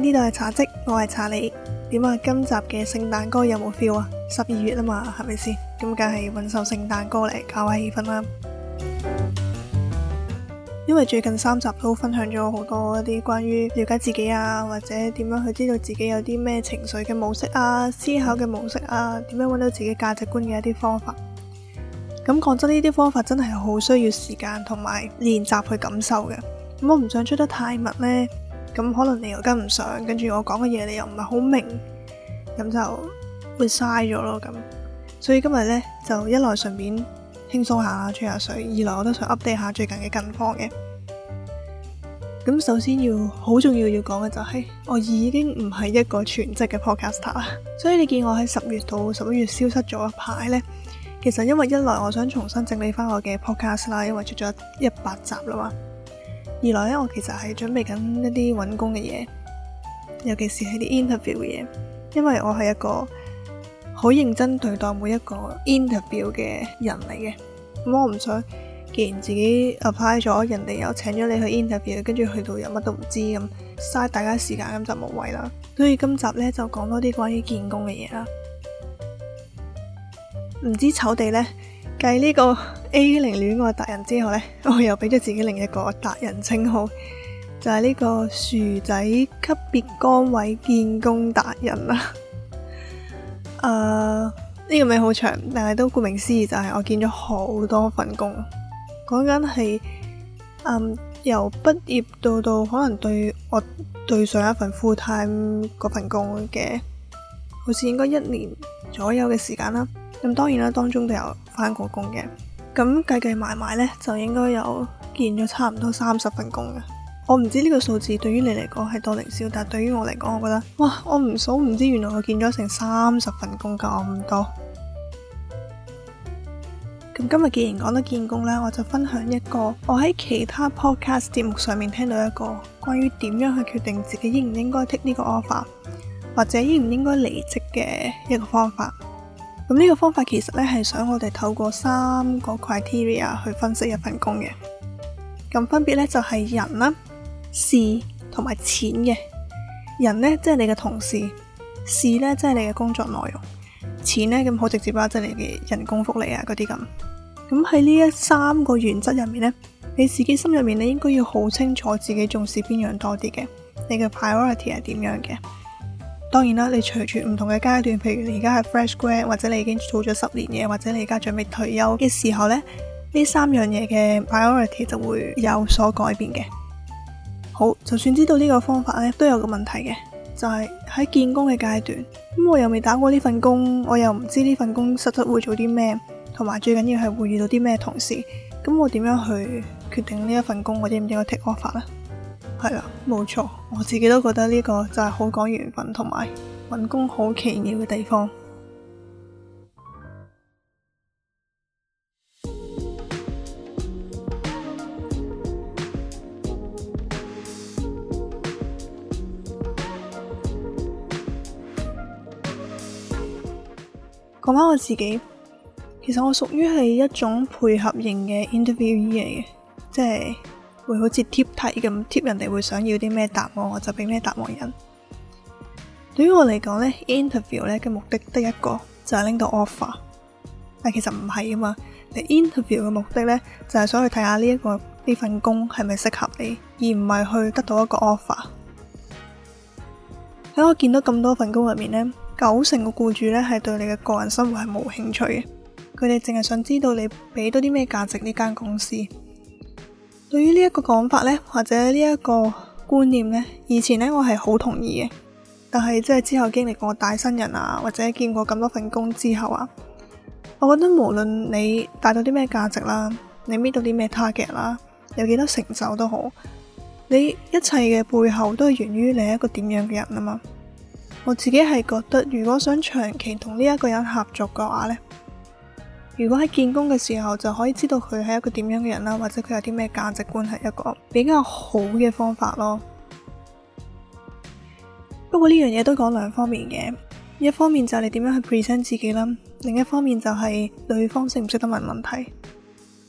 呢度係茶嘖，我係查理。點啊？今集嘅聖誕歌有冇 feel 啊？十二月啊嘛，係咪先？咁梗係搵首聖誕歌嚟搞下氣氛啦。因為最近三集都分享咗好多一啲關於了解自己啊，或者點樣去知道自己有啲咩情緒嘅模式啊、思考嘅模式啊，點樣搵到自己價值觀嘅一啲方法。咁講真，呢啲方法真係好需要時間同埋練習去感受嘅。咁我唔想出得太密呢。咁可能你又跟唔上，跟住我講嘅嘢你又唔係好明，咁就會嘥咗咯咁。所以今日呢，就一來順便輕鬆下吹下水，二來我都想 update 下最近嘅近況嘅。咁首先要好重要要講嘅就係我已經唔係一個全職嘅 podcaster 啦，所以你見我喺十月到十一月消失咗一排呢，其實因為一來我想重新整理翻我嘅 podcast 啦，因為出咗一百集啦嘛。二來呢，我其實係準備緊一啲揾工嘅嘢，尤其是係啲 interview 嘅嘢，因為我係一個好認真對待每一個 interview 嘅人嚟嘅。咁、嗯、我唔想，既然自己 apply 咗，人哋又請咗你去 interview，跟住去到又乜都唔知咁，嘥大家時間，咁就無謂啦。所以今集呢，就講多啲關於見工嘅嘢啦。唔知醜地呢？繼呢個 A0 戀愛達人之後呢，我又俾咗自己另一個達人稱號，就係呢個薯仔級別崗位見工達人啦。誒，呢、 uh, 個名好長，但係都顧名思義就係我見咗好多份工。講緊係誒由畢業到到可能對我對上一份 full time 嗰份工嘅，好似應該一年左右嘅時間啦。咁當然啦，當中都有返過工嘅，咁計計埋埋呢，就應該有見咗差唔多三十份工嘅。我唔知呢個數字對於你嚟講係多定少，但係對於我嚟講，我覺得哇，我唔數唔知，原來我見咗成三十份工咁多。咁今日既然講到見工呢，我就分享一個我喺其他 podcast 節目上面聽到一個關於點樣去決定自己應唔應該剔呢個 offer，或者應唔應該離職嘅一個方法。咁呢個方法其實咧係想我哋透過三個 criteria 去分析一份工嘅，咁分別咧就係、是、人啦、事同埋錢嘅。人咧即係你嘅同事，事咧即係你嘅工作內容，錢咧咁好直接啦、啊，即係你嘅人工福利啊嗰啲咁。咁喺呢一三個原則入面咧，你自己心入面你應該要好清楚自己重視邊樣多啲嘅，你嘅 priority 係點樣嘅。當然啦，你隨住唔同嘅階段，譬如你而家係 fresh grad，或者你已經做咗十年嘢，或者你而家準備退休嘅時候咧，呢三樣嘢嘅 priority 就會有所改變嘅。好，就算知道呢個方法呢，都有個問題嘅，就係喺見工嘅階段，咁我又未打過呢份工，我又唔知呢份工實質會做啲咩，同埋最緊要係會遇到啲咩同事，咁我點樣去決定呢一份工我應唔應該 take offer 呢？係啦，冇錯，我自己都覺得呢個就係好講緣分同埋揾工，好奇妙嘅地方。講翻 我自己，其實我屬於係一種配合型嘅 interviewee 嚟嘅，即係。會好似 tip 貼咁 tip 人哋會想要啲咩答案我就俾咩答案人。對於我嚟講呢 interview 咧嘅目的得一個就係、是、拎到 offer，但其實唔係啊嘛。你 interview 嘅目的呢，就係想去睇下呢一個呢份工係咪適合你，而唔係去得到一個 offer。喺我見到咁多份工入面呢，九成嘅僱主呢係對你嘅個人生活係冇興趣嘅，佢哋淨係想知道你俾多啲咩價值呢間公司。對於呢一個講法呢，或者呢一個觀念呢，以前呢，我係好同意嘅，但係即係之後經歷過帶新人啊，或者見過咁多份工之後啊，我覺得無論你帶到啲咩價值啦，你搣到啲咩 target 啦，有幾多成就都好，你一切嘅背後都係源於你係一個點樣嘅人啊嘛。我自己係覺得，如果想長期同呢一個人合作嘅話呢。如果喺見工嘅時候就可以知道佢係一個點樣嘅人啦，或者佢有啲咩價值觀，係一個比較好嘅方法咯。 不過呢樣嘢都講兩方面嘅，一方面就係你點樣去 present 自己啦，另一方面就係女方識唔識得問問題。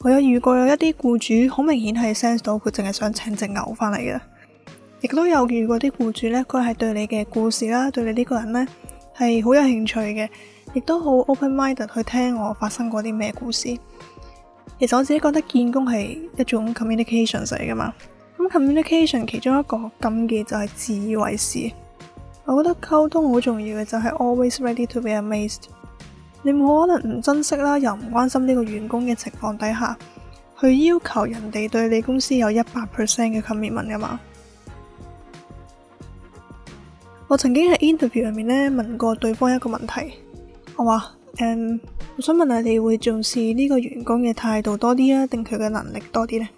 我有遇過有一啲僱主好明顯係 sense 到佢淨係想請隻牛翻嚟嘅，亦都有遇過啲僱主呢，佢係對你嘅故事啦，對你呢個人呢係好有興趣嘅。亦都好 open-minded 去聽我發生過啲咩故事。其實我自己覺得見工係一種 communication 嚟噶嘛。咁 communication 其中一個禁忌就係自以為是。我覺得溝通好重要嘅就係、是、always ready to be amazed。你冇可能唔珍惜啦，又唔關心呢個員工嘅情況底下去要求人哋對你公司有一百 percent 嘅 commitment 噶嘛。我曾經喺 interview 入面咧問過對方一個問題。我話，誒、哦啊，我、嗯、想問下你，你會重視呢個員工嘅態度多啲，啊，定佢嘅能力多啲呢？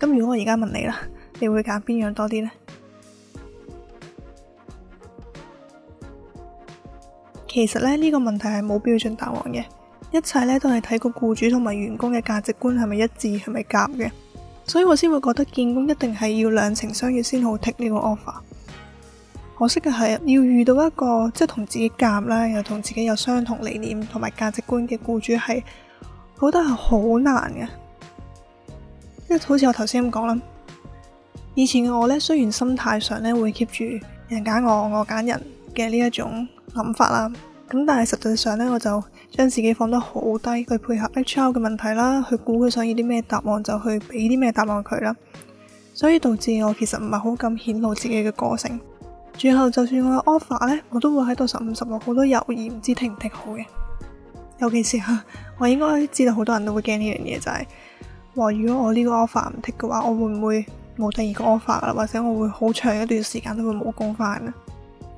咁如果我而家問你啦，你會揀邊樣多啲呢？其實咧呢、這個問題係冇標準答案嘅，一切咧都係睇個僱主同埋員工嘅價值觀係咪一致，係咪夾嘅，所以我先會覺得見工一定係要兩情相悦先好剔呢個 offer。可惜嘅係，要遇到一個即係同自己夾啦，又同自己有相同理念同埋價值觀嘅僱主，係，我覺得係好難嘅。即係好似我頭先咁講啦，以前嘅我呢，雖然心態上呢會 keep 住人揀我，我揀人嘅呢一種諗法啦，咁但係實際上呢，我就將自己放得好低，去配合 HR 嘅問題啦，去估佢想要啲咩答案，就去俾啲咩答案佢啦。所以導致我其實唔係好敢顯露自己嘅個性。最後就算我有 offer 咧，我都會喺度十五十六好多日，而唔知停唔停好嘅。尤其是啊， 我應該知道好多人都會驚呢樣嘢，就係話如果我呢個 offer 唔剔嘅話，我會唔會冇第二個 offer 啦？或者我會好長一段時間都會冇工翻嘅。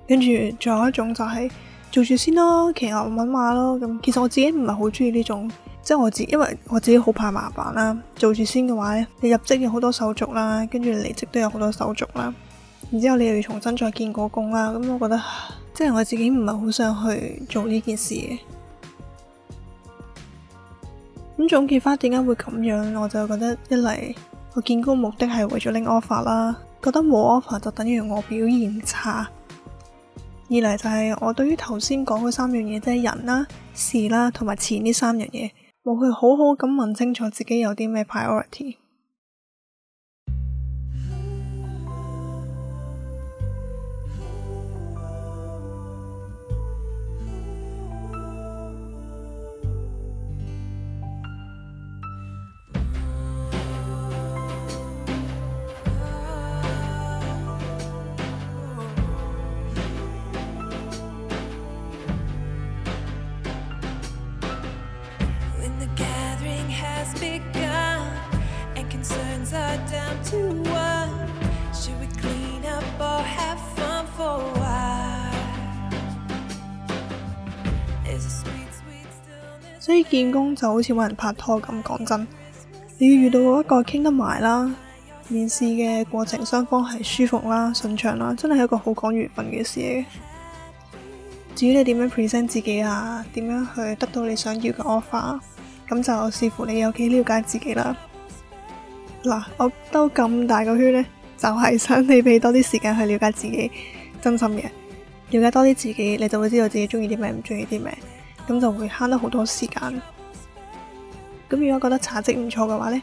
跟住仲有一種就係做住先咯，騎牛搵馬咯。咁其實我自己唔係好中意呢種，即係我自己因為我自己好怕麻煩啦。做住先嘅話咧，你入職要好多手續啦，跟住離職都有好多手續啦。然之後你又要重新再見個工啦、啊，咁我覺得即係我自己唔係好想去做呢件事嘅。咁總結翻點解會咁樣，我就覺得一嚟我見工目的係為咗拎 offer 啦，覺得冇 offer 就等於我表現差；二嚟就係我對於頭先講嘅三樣嘢，即係人啦、啊、事啦同埋錢呢三樣嘢，冇去好好咁問清楚自己有啲咩 priority。 所以見工就好似搵人拍拖咁，講真，你要遇到一個傾得埋啦，面試嘅過程雙方係舒服啦、順暢啦，真係一個好講緣分嘅事嚟嘅。至於你點樣 present 自己啊，點樣去得到你想要嘅 offer，咁就視乎你有幾了解自己啦。嗱，我兜咁大個圈呢，就係、是、想你畀多啲時間去了解自己，真心嘅，了解多啲自己，你就會知道自己中意啲咩，唔中意啲咩，咁就會慳得好多時間。咁如果覺得茶嘖唔錯嘅話呢，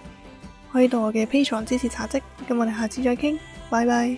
可以到我嘅 Patreon 支持茶嘖，咁我哋下次再傾，拜拜。